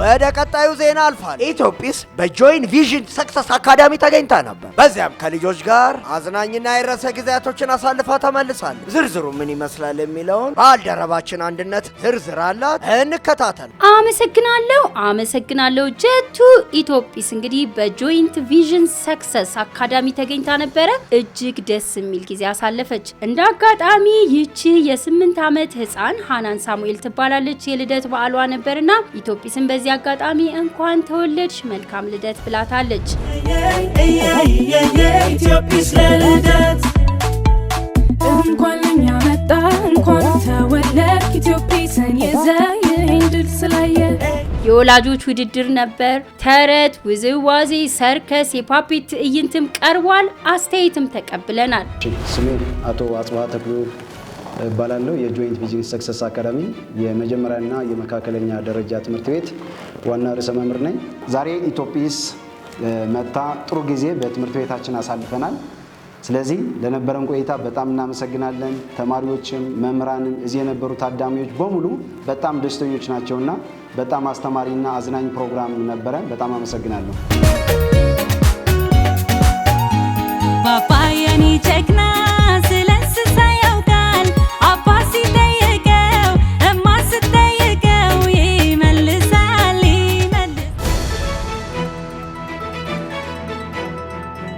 ወደ ቀጣዩ ዜና አልፋል። ኢትዮጵስ በጆይን ቪዥን ሰክሰስ አካዳሚ ተገኝታ ነበር። በዚያም ከልጆች ጋር አዝናኝና የረሰ ጊዜያቶችን አሳልፋ ተመልሳለች። ዝርዝሩ ምን ይመስላል የሚለውን ባልደረባችን አንድነት ዝርዝር አላት፣ እንከታተል። አመሰግናለሁ አመሰግናለሁ ጀቱ። ኢትዮጵስ እንግዲህ በጆይንት ቪዥን ሰክሰስ አካዳሚ ተገኝታ ነበረ። እጅግ ደስ የሚል ጊዜ አሳለፈች። እንደ አጋጣሚ ይቺ የስምንት ዓመት ህፃን ሃናን ሳሙኤል ትባላለች። የልደት በዓሏ ነበርና ኢትዮጵስን በዚ በዚህ አጋጣሚ እንኳን ተወለድሽ መልካም ልደት ብላታለች። እንኳን መጣ እንኳን ተወለድክ የዘ ድል ስላየ የወላጆች ውድድር ነበር። ተረት፣ ውዝዋዜ፣ ሰርከስ፣ የፓፔት ትዕይንትም ቀርቧል። አስተያየትም ተቀብለናል። ስሜ አቶ አጽባ ተክሎ እባላለሁ። የጆይንት ቢዝነስ ሰክሰስ አካዳሚ የመጀመሪያና የመካከለኛ ደረጃ ትምህርት ቤት ዋና ርዕሰ መምህር ነኝ። ዛሬ ኢትዮጵስ መታ ጥሩ ጊዜ በትምህርት ቤታችን አሳልፈናል። ስለዚህ ለነበረን ቆይታ በጣም እናመሰግናለን። ተማሪዎችም መምህራንም እዚህ የነበሩ ታዳሚዎች በሙሉ በጣም ደስተኞች ናቸውና በጣም አስተማሪና አዝናኝ ፕሮግራም ነበረ። በጣም አመሰግናለሁ።